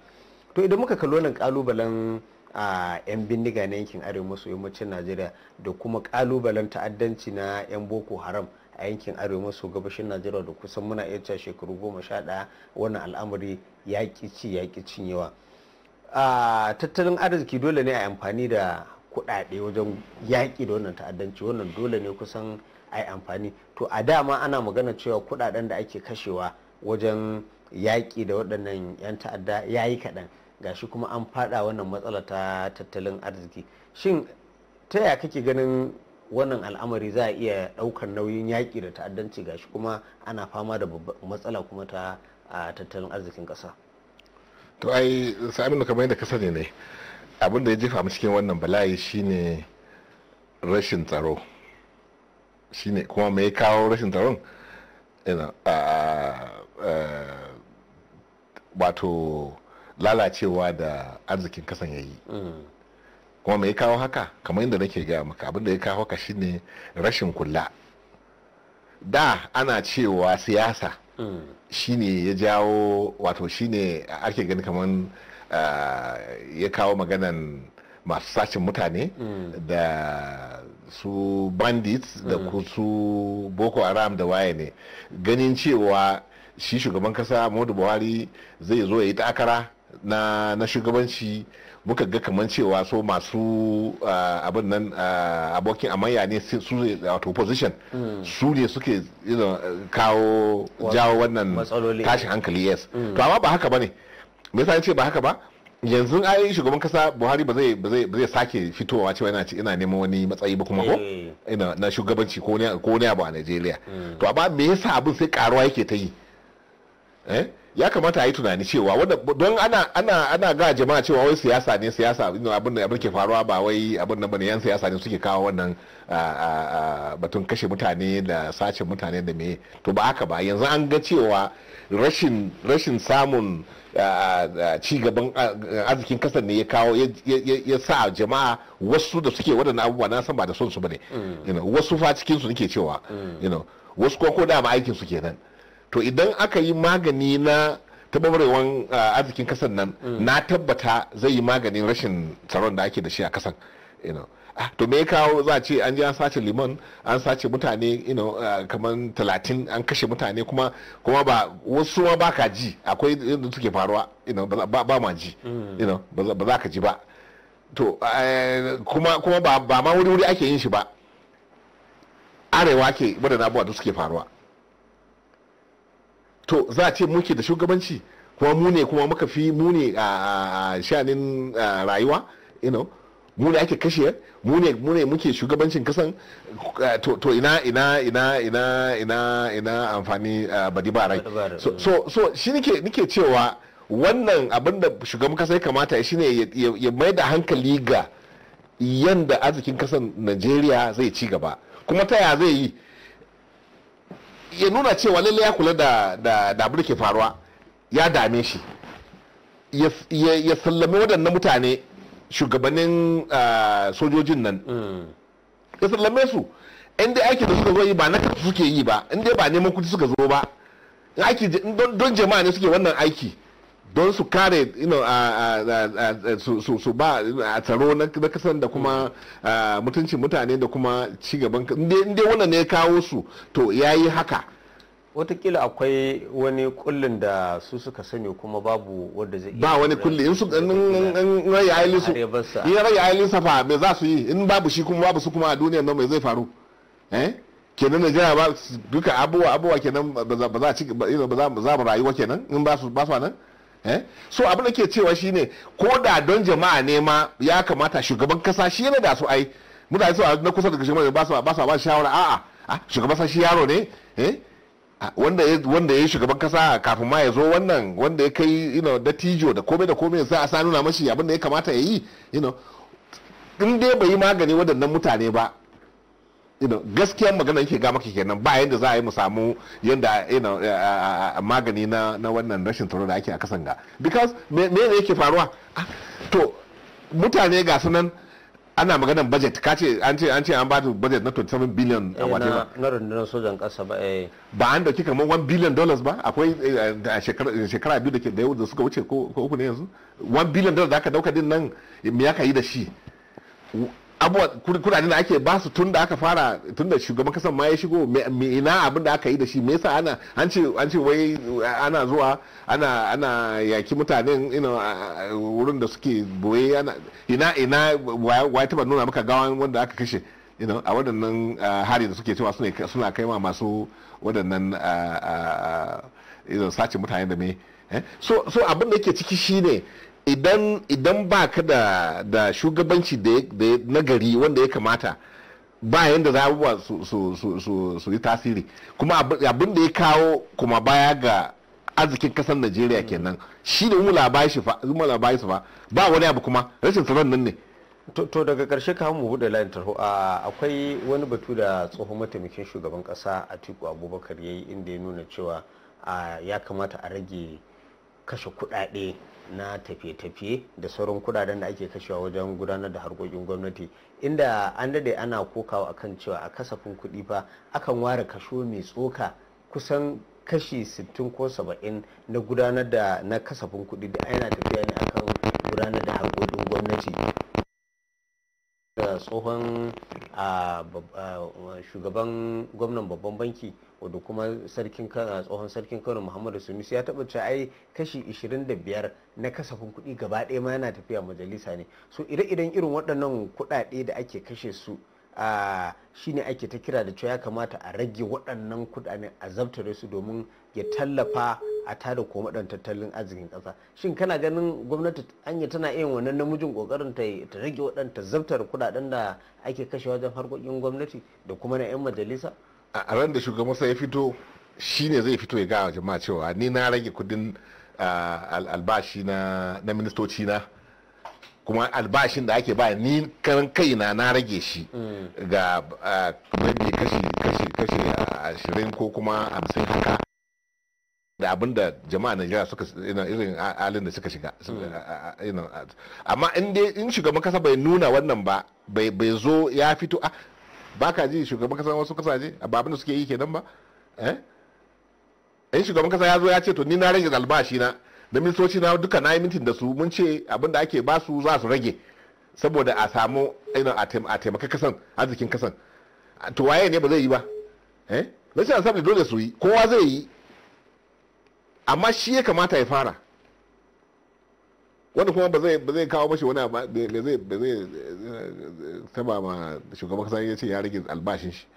to idan muka kalli wannan kalubalen a 'yan bindiga na yankin arewa maso yammacin najeriya da kuma kalubalen ta'addanci na 'yan boko haram a yankin arewa maso gabashin najeriya da kusan muna iya cewa shekaru goma sha ɗaya wannan al'amari ya ƙi ci ya ƙi cinyewa a tattalin arziki dole ne a amfani da kuɗaɗe wajen yaƙi da wannan ta'addanci wannan dole ne kusan a yi amfani to a dama ana magana cewa kuɗaɗen da ake kashewa wajen yaƙi da waɗannan 'yan ta'adda ya yi kaɗan gashi kuma an faɗa wannan matsala ta tattalin arziki shin ta yaya kake ganin wannan al'amari za a iya ɗaukar nauyin yaƙi da ta'addanci gashi kuma ana fama da matsala kuma ta tattalin arzikin ƙasa to ai sami kamar yadda ka sani ne abin da ya jefa mu cikin wannan bala'i shine rashin tsaro shine kuma mai kawo rashin tsaron wato lalacewa da arzikin kasan ya yi mm. kuma mai ya kawo haka kamar yadda nake gaya maka abin da ya kawo haka shine rashin kula da ana cewa siyasa shine ya jawo wato shine ake gani kamar ya kawo maganan masu sacin mutane da su bandits da su boko haram da waye ne ganin cewa shi shugaban kasa muhammadu buhari zai zo ya yi takara na shugabanci muka ga kamar cewa so masu ah, abin nan ah, abokin amayya ne su ne wato opposition hmm. su ne suke kawo jawo wannan tashin hankali yes hmm. to amma ba haka ba ne me yasa ce ba haka ba yanzu ai shugaban kasa buhari ba zai sake fitowa cewa yana ina neman wani matsayi ba kuma ko eh. na shugabanci ko ne abu a najeriya hmm. to amma me yasa abin sai karuwa yake ta yi eh? ya kamata a yi tunani cewa don ana ana ga jama'a cewa wai siyasa ne siyasa abin da abin ke faruwa ba wai abin da bane yan siyasa ne suke kawo wannan batun kashe mutane da sace mutane da me to ba haka ba yanzu an ga cewa rashin samun ci gaban arzikin kasar ne ya kawo ya sa jama'a wasu da suke waɗannan abubuwa na san ba da son su bane mm. wasu fa cikin su nake cewa mm. wasu ko da ma aikin su kenan to idan aka yi magani na taɓarɓarewan arzikin kasan nan mm. na tabbata zai yi maganin rashin tsaron da ake da shi a kasan ah, to me kawo za a ce an je an sace liman an sace mutane kamar talatin an kashe mutane kuma kuma ba wasu ma ba ka ji akwai yadda suke faruwa ba ma ji mm. ba za ka ji ba to kuma kuma ba ma wuri wuri ake yin shi ba arewa ke wadannan abubuwa da suke faruwa to za a ce muke da shugabanci kuma mu ne kuma muka fi mu ne a shanin rayuwa you know mu ne ake kashe mu ne mu ne muke shugabancin kasan to ina ina ina ina ina ina amfani badi barai so so shi nike nike cewa wannan abin da shugaban kasa ya kamata ne ya mai da hankali ga yanda arzikin kasan Najeriya zai ci gaba kuma ta ya zai yi ya nuna cewa lalle ya kula da da abin ke faruwa ya dame shi ya sallame waɗannan mutane shugabannin ah, sojojin nan mm. ya sallame su in dai da suka zo yi ba na kasu suke yi ba in dai ba neman kudi suka zo ba don jama'a ne suke wannan aiki don su kare su ba a tsaro na kasan da kuma mutuncin mutane da kuma cigaban inda wannan ne kawo su to ya yi haka watakila akwai wani kullin da su suka sani kuma babu wanda zai ba wani kulli in su in raya ailin su in raya ailin sa fa me za su yi in babu shi kuma babu su kuma a duniyar nan mai zai faru eh kenan jira ba duka abubuwa abubuwa kenan ba za a ba za mu rayuwa kenan in ba su ba su nan Eh? so abin da ke cewa shine ko da don jama'a ne ma ya kamata shugaban kasa shi yana da su ai mutane yi na kusa daga shugaban ba su ba su ba shawara a'a shugaban kasa shi yaro ne eh? wanda ya wanda ya shugaban kasa kafin ma ya zo wannan wanda ya kai you know dattijo da komai da komai za a sa nuna mashi abin da ya kamata ya yi you know in dai bai yi magani waɗannan mutane ba gaskiyar magana yake ga maka kenan ba yadda za a yi mu samu yadda magani na wannan rashin tsaro da ake a kasan ga because me ne yake faruwa to mutane ga sunan ana maganar budget ka ce an ce an ce an ba da budget na 27 billion a eh, wata ba na rundunar sojan kasa ba eh. ba an dauki kamar 1 billion dollars ba akwai eh, shekara biyu da ke da da suka wuce ko uku ne yanzu 1 billion dollars da aka dauka din nan me ka yi da shi abuwa kudaden da ake basu tun da aka fara tun da shugaban kasan ma ya shigo me ina abin da aka yi da shi me yasa ana an ce an ce wai ana zuwa ana ana yaki mutanen ina wurin da suke boye ana ina ina wai taba nuna maka gawan wanda aka kashe a waɗannan hari da suke cewa suna kai ma masu waɗannan ina sace mutane da me eh? so abin da yake ciki shine idan ba ka da, shugabanci da nagari wanda ya kamata ba yadda za abubuwa su, yi tasiri kuma abin da ya kawo kuma baya ga arzikin kasar najeriya mm. kenan shi da umula bayi shi fa ba wani abu kuma rashin tsaron nan ne to daga karshe ka mu buɗe layin tarho akwai wani batu da tsohon mataimakin shugaban ƙasa atiku abubakar ya yi inda ya nuna cewa ya kamata a rage kashe kuɗaɗe na tafiye-tafiye da sauran kudaden da ake kashewa wajen gudanar da harkokin gwamnati inda an dade ana kokawa akan cewa a kasafin kudi fa akan ware kasho mai tsoka kusan kashi 60 ko 70 na gudanar da na kasafin kudi da yana tafiya ne akan gudanar da harkokin gwamnati da tsohon shugaban gwamnan babban banki wadda kuma sarkin tsohon sarkin kano muhammadu sunusi ya taba cewa ai kashi 25 na kasafin kuɗi gaba ɗaya ma yana tafiya majalisa ne so ire-iren irin waɗannan kuɗaɗe da ake kashe su a shine ake ta kira da cewa ya kamata a rage waɗannan kuɗaɗe a zabtare su domin ya tallafa a tada ko madan tattalin arzikin kasa shin kana ganin gwamnati anya tana iya wannan namijin kokarin ta ta rage waɗanta zabtar kudaden da ake kashe wajen harkokin gwamnati da kuma na 'yan majalisa a ran da shugaban sa ya fito shine zai fito ya ga jama'a cewa ni na rage kudin albashi na ministoci na kuma albashin da ake ba ni karan kaina na rage shi mm. ga maybe kashi kashi kashi ashirin ko kuma hamsin haka da abin da jama'a Najeriya suka irin halin da suka shiga mm. amma in dai in shugaban kasa bai nuna wannan ba bai zo ya fito a ba ka ji shugaban kasa wasu kasaje ba abin da suke yi kenan ba eh in shugaban kasa ya zo ya ce to ni na rage albashi na da ministoci na duka na yi mintin da su mun ce abin da ake ba su za su rage saboda a samu a taimaka kasan arzikin kasan to waye ne ba zai yi ba eh rashin asabli dole su yi kowa zai yi amma shi ya kamata ya fara wanda kuma ba zai kawo mashi wani ba zai ba zai saba ma shugaban kasa ya ce ya rage albashin shi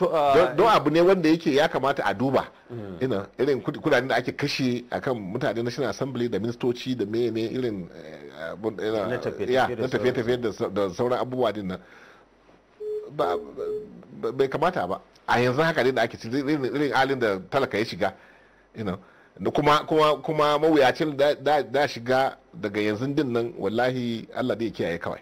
uh, don abu ne wanda yake ya kamata a duba mm. ina irin kudaden da ake kashe akan mutane na shina assembly da ministoci da mene irin eh, eh, na tafiye-tafiye da sauran abubuwa din nan bai kamata ba a yanzu haka ne da ake irin alin da talaka ya shiga kuma kuma kuma mawuyacin da shiga daga yanzu din nan wallahi Allah da ya kiyaye kawai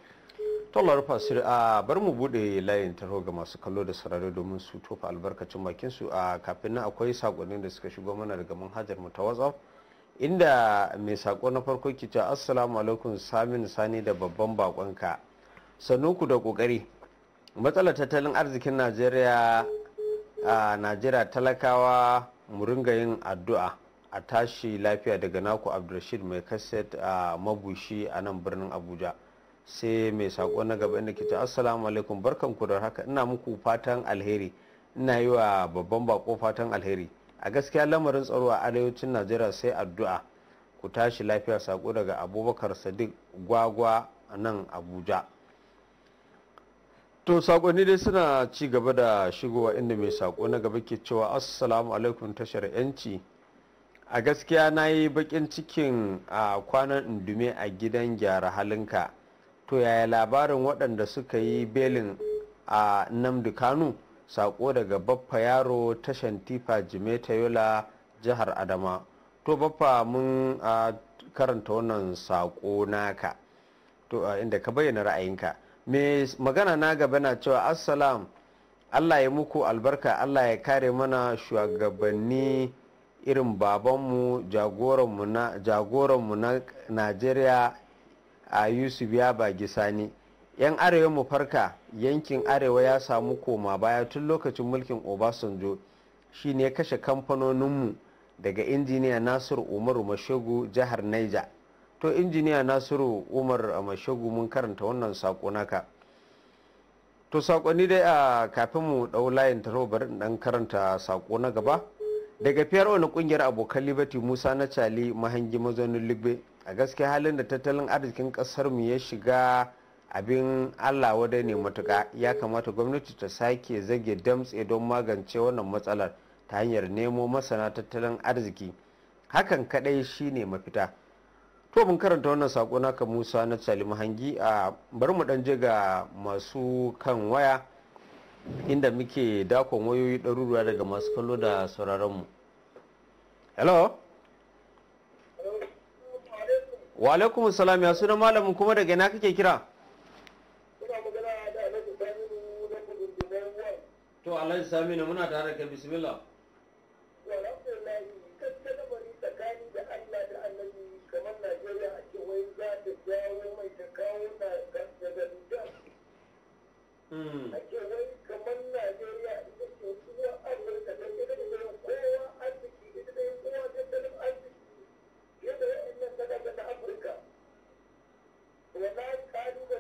rufa sir a ah, bar mu bude layin taro ga masu kallo da sarari domin su tofa albarkacin bakin su a ah, kafin nan akwai sakonnin da suka shigo mana daga manhajar mu ta WhatsApp inda mai sako na farko ke cewa assalamu alaikum samin sani da babban bakonka sannu ku da kokari matsalar tattalin arzikin najeriya a ah, najeriya talakawa mu ringa yin addu'a a tashi lafiya daga naku abdulrashid mai kaset a mabushi a nan birnin abuja sai mai sako na gaba inda ke ce assalamu alaikum barkan ku da haka ina muku fatan alheri ina yi wa babban bako fatan alheri a gaskiya lamarin tsaro a arewacin najeriya sai addu'a ku tashi lafiya saƙo daga abubakar sadiq gwagwa nan abuja to sakonni dai suna ci gaba da shigowa inda mai sako na gaba ke cewa assalamu alaikum tashar yanci a gaskiya na yi bakin cikin a kwanan indume a gidan gyara halinka to yaya labarin waɗanda suka yi belin a namdu kanu sako daga baffa yaro tashan tifa ta yola jihar adama to baffa mun karanta wannan sako naka to inda ka bayyana ra'ayinka mai magana na gaba na cewa assalam allah ya muku albarka allah ya kare mana shugabanni irin babanmu jagoranmu na najeriya a yusuf ya bagi sani yan arewa mu farka yankin arewa ya samu koma baya tun lokacin mulkin obasanjo shine kashe kamfanoninmu daga injiniya nasiru umaru mashegu jihar niger to injiniya nasiru umar a mashagu mun karanta wannan sako naka to sakonni dai a kafin mu dau layin taro bari dan karanta sako na gaba daga fiyar wani kungiyar abokan liberty musa na cali mahangi mazaunin ligbe a gaske halin da tattalin arzikin kasar mu ya shiga abin allah wadai ne matuka ya kamata gwamnati ta sake zage damtse don magance wannan matsalar ta hanyar nemo masana tattalin arziki hakan kadai shine mafita to mun karanta wannan sako naka musa na salimu hangi a bari mu dan je ga masu kan waya inda muke dakon wayoyi ɗaruruwa daga masu kallo da sauraronmu. hello wa alaikum salam ya suna malamin kuma daga ina kake kira to alhaji samina muna tare da bismillah ake hmm. wai kamar Najeriya ita ce ruwan Amurka don ita da yin kowa arziki ita da yin kowa tattalin arziki yadda ya'in nan ta daga Afirka. ga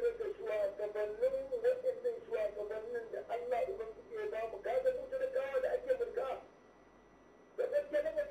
shugabannin waɗannan shugabannin da Allah Ubangiji ba mu kaga da kawa da ake Da gaske na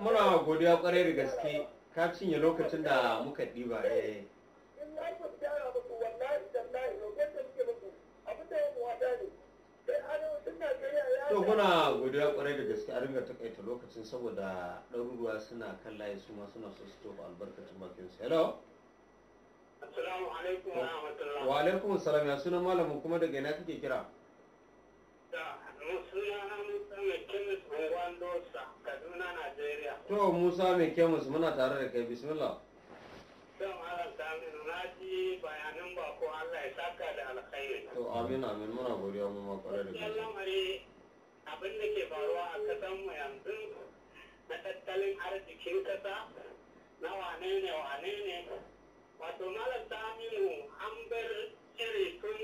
muna godiya kwarai da gaske ka cinye lokacin da muka diba eh. ne. to muna godiya kwarai da gaske a ringa takaita lokacin saboda ɗaruruwa suna kan layi su ma suna so su tofa albarkacin bakin su hello assalamu alaikum wa rahmatullah wa alaikum assalam ya sunan malamin kuma daga ina kake kira Musa mai kemis muna tare da kai bismillah. Zan ala saminu na ji bayanin bako Allah ya saka da alkhairi. To amin amin muna godiya mu ma kwarai da kai. lamari abin da ke faruwa a kasan mu yanzu na tattalin arzikin kasa na wane ne wane ne wato malam saminu an bar cire tun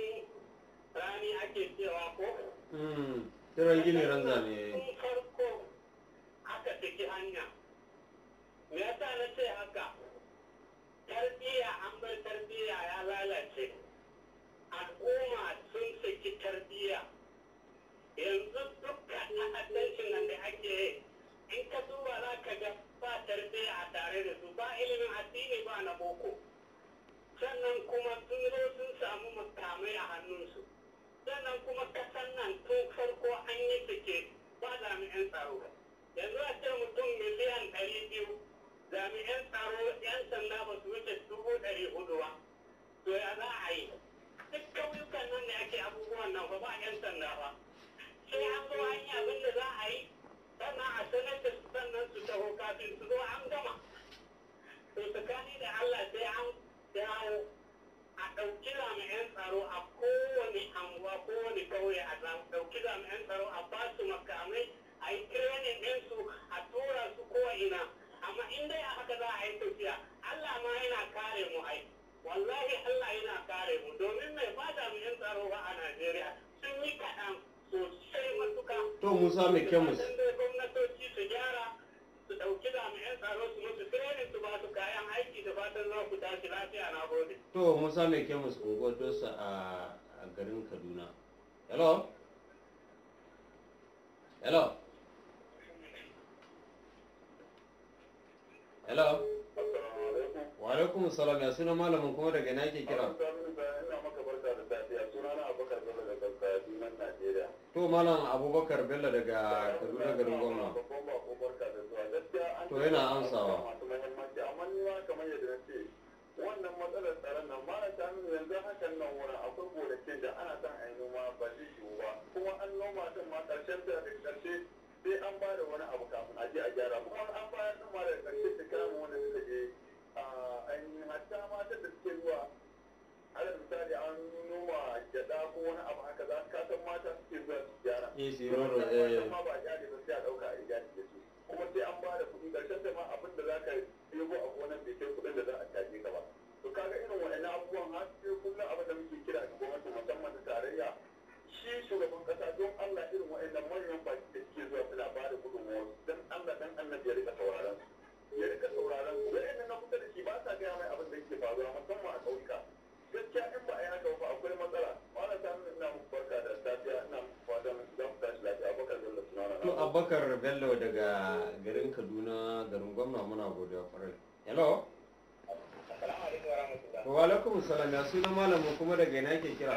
rani ake cewa ko? Tiran hmm, gini ranza Tun farko aka ciki hanya. me yasa na ce haka tarbiyya an bar tarbiyya ya lalace al'umma sun saki tarbiyya yanzu duka ta'addancin nan da ake yi in ka duba za ka ga ba tarbiyya a tare da su ba ilimin addini ba na boko sannan kuma sun zo sun samu makamai a hannunsu sannan kuma kasan nan tun farko an yi suke ba jami'an tsaro yanzu a ce mutum miliyan ɗari biyu jami'an tsaro 'yan sanda ba su wuce dubu ɗari hudu ba to ya za a yi duk kauyukan nan ne ake abubuwan nan ba ba 'yan sanda ba sai an zo an yi abin da za a yi sannan a sanar da su sannan su taho kafin su zo an gama to tsakani da Allah sai an dawo a ɗauki jami'an tsaro a kowane anguwa kowane kauye a ɗauki jami'an tsaro a ba su makamai a yi training ɗinsu a tura su ko ina amma in dai a haka za a yi tafiya Allah ma yana kare mu ai wallahi Allah yana kare mu domin mai fada mu yan tsaro ba a Najeriya sun yi kaɗan sosai matuka to Musa mai kyan mu gwamnatoci su gyara su ɗauki jami'an tsaro su musu training su ba su kayan aiki da fatan za ku tashi lafiya na gode to Musa mai kyan mu su a garin Kaduna hello hello hello wa alaikum salam ya suna malamin kuma daga ina ke kira to malam abubakar bello daga kaduna garin gwamna to yana amsawa wannan matsalar tsaron nan ba ta nuna yanzu hakan nan wurin akwai gonakin da ana son a yi noma ba zai yiwu ba kuma an noma ta ma ƙarshen da ƙarshe sai an ba da wani abu kafin a je a gyara kuma wani an bayar da mara karshe ta kama wanda suka je a ainihin hatta matan da suke zuwa alal misali an noma gyada ko wani abu haka za ka san mata suke zuwa su gyara eh shi yaro eh ma ba gyara ba sai a dauka a gyara da su kuma sai an ba da kuɗi karshen ta ma abin da za ka ɗebo a gonan bai kai kuɗin da za a caje ka ba to kaga irin waɗannan abubuwan har sai kullum abin da muke kira ga gwamnati musamman da tarayya shi shugaban kasa don Allah irin wa'annan manyan baki da suke zuwa suna ba da gudunmuwa don Allah dan Allah ya rika sauraron ya rika sauraron su wa'annan na kusa da shi ba sa gaya mai abin da yake faruwa musamman a ƙauyuka gaskiya in ba a yi haka ba akwai matsala wala ta nuna ina muku barka da safiya ina muku fatan za mu tashi lafiya abakar bello sunana to abakar bello daga garin kaduna garin gwamna muna godiya kwarai hello wa alaikum salam ya suna malamin kuma daga ina ke kira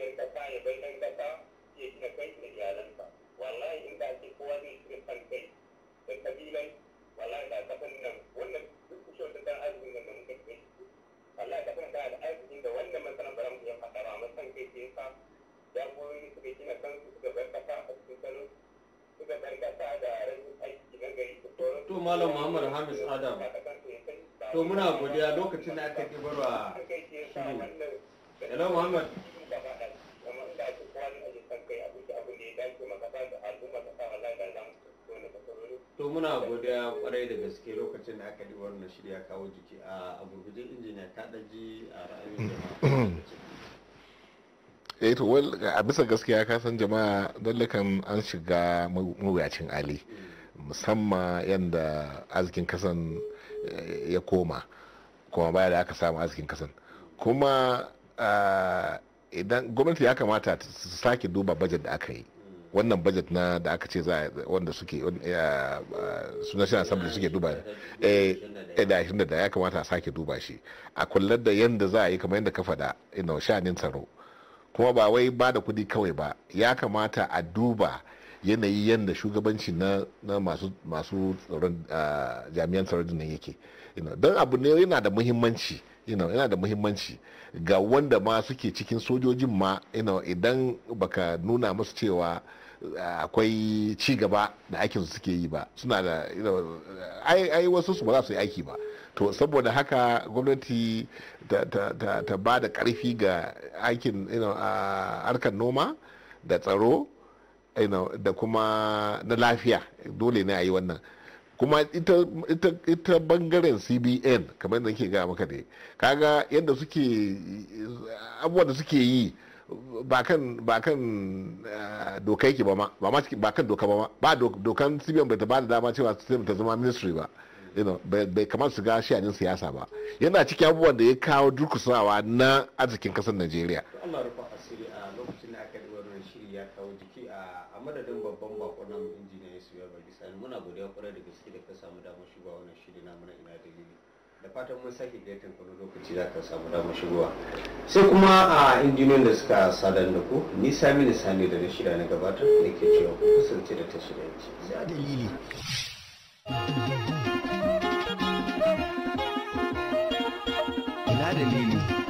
dukiyar kasa ya bai ɗan kasa ya gina kai da iyalansa wallahi in ba kowa zai cire kan kai da kabilan wallahi da kafin nan wannan duk kusur da arzikin da kai wallahi da kuma da da wannan matsalan ba mu ya faɗa ba matsalan kai ke sa jagorori suka gina kansu suka bar kasa a cikin kano suka bar kasa da ran aiki na gari to malam muhammad hamis adam to muna godiya lokacin da aka kibarwa hello muhammad da ba dan kuma inda ake kowa ne ake san kai abin da abin da ya dace maka ba da al'umma ta sa wallahi da zamu so ne to muna godiya kwarai da gaske lokacin da aka ɗiba wannan shirya kawo jiki a gurgujin injiniya ta ɗaji a ra'ayin jama'a eh to a bisa gaskiya ka san jama'a dallakan an shiga mawuyacin ali musamman yadda arzikin kasan eh, ya koma kuma baya da aka samu arzikin kasan kuma ah, idan gwamnati ya kamata su sake duba bajet da aka yi wannan bajet na da aka ce za wanda suke eh, eh, su national assembly suke duba eh da da ya kamata a sake duba shi a kullar da yadda za a yi kamar yadda kafa da ina sha'anin tsaro kuma ba wai ba da kuɗi kawai ba ya kamata a duba yanayi yadda shugabanci na masu tsaron jami'an tsaron nan yake don abu ne yana da muhimmanci yana da muhimmanci ga wanda ma suke cikin sojojin ma idan baka nuna musu cewa akwai ci gaba da aikin suke yi ba suna da ai wasu su ba za su yi aiki ba to saboda haka gwamnati ta ba da karfi ga aikin harkar noma da tsaro da kuma na lafiya dole ne a yi wannan kuma ita, bangaren cbn kamar yadda ke ga maka ne kaga yadda suke abubuwan da suke yi ba kan eh, ke ba ma ba kan doka ba ma ba dokan cbn bai ta ba da dama cewa system ta zama ministry ba bai kamar su ga shanin siyasa ba yana cikin abubuwan da ya kawo durkusawa na arzikin kasar najeriya fatan mun sake gaitin kuma lokaci za ka samu damar shigowa sai kuma a injiniyan da suka sadar da ku ni sami da sani da na shida na gabata da ke cewa ku kusance da tashi za a ina dalili